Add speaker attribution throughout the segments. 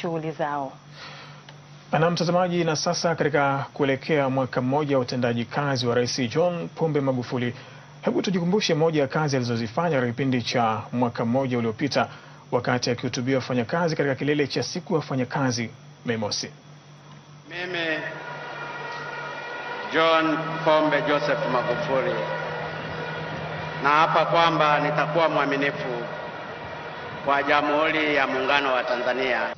Speaker 1: shughuli zao.
Speaker 2: Na mtazamaji, na sasa katika kuelekea mwaka mmoja wa utendaji kazi wa Rais John Pombe Magufuli, hebu tujikumbushe moja ya kazi alizozifanya katika kipindi cha mwaka mmoja uliopita wakati akihutubia wafanyakazi katika kilele cha siku ya wafanyakazi Mei Mosi.
Speaker 3: Mimi John Pombe Joseph Magufuli na hapa kwamba nitakuwa mwaminifu kwa Jamhuri ya Muungano wa Tanzania.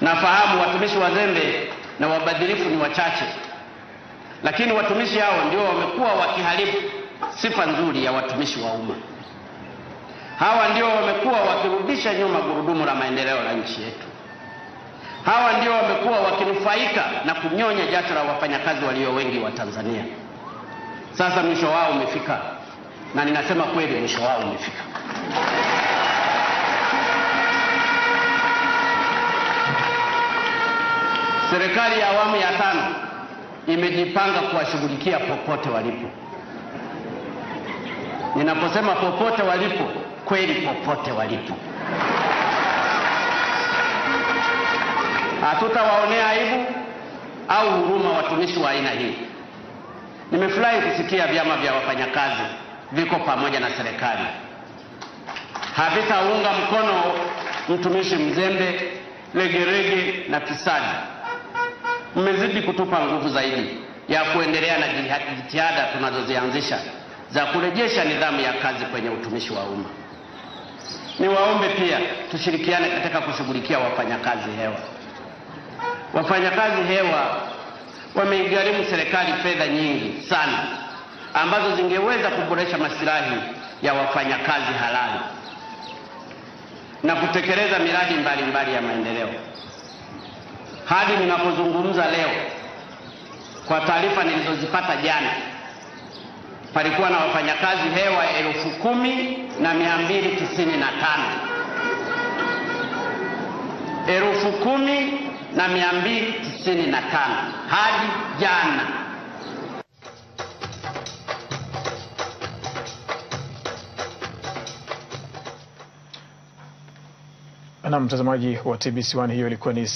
Speaker 3: Nafahamu watumishi wazembe na wabadhirifu ni wachache, lakini watumishi hao ndio wamekuwa wakiharibu sifa nzuri ya watumishi wa umma. Hawa ndio wamekuwa wakirudisha nyuma gurudumu la maendeleo la nchi yetu. Hawa ndio wamekuwa wakinufaika na kunyonya jasho la wafanyakazi walio wengi wa Tanzania. Sasa mwisho wao umefika, na ninasema kweli, mwisho wao umefika. Serikali ya awamu ya tano imejipanga kuwashughulikia popote walipo. Ninaposema popote walipo, kweli popote walipo. Hatutawaonea aibu au huruma watumishi wa aina hii. Nimefurahi kusikia vyama vya wafanyakazi viko pamoja na serikali, havitaunga mkono mtumishi mzembe, legerege na fisadi mmezidi kutupa nguvu zaidi ya kuendelea na jitihada tunazozianzisha za kurejesha nidhamu ya kazi kwenye utumishi wa umma. Niwaombe pia tushirikiane katika kushughulikia wafanyakazi hewa. Wafanyakazi hewa wameigharimu serikali fedha nyingi sana ambazo zingeweza kuboresha masilahi ya wafanyakazi halali na kutekeleza miradi mbalimbali mbali ya maendeleo hadi ninapozungumza leo, kwa taarifa nilizozipata jana, palikuwa na wafanyakazi hewa elfu kumi na mia mbili tisini na tano elfu kumi na mia mbili tisini na tano hadi jana. Na mtazamaji wa TBC1, hiyo ilikuwa ni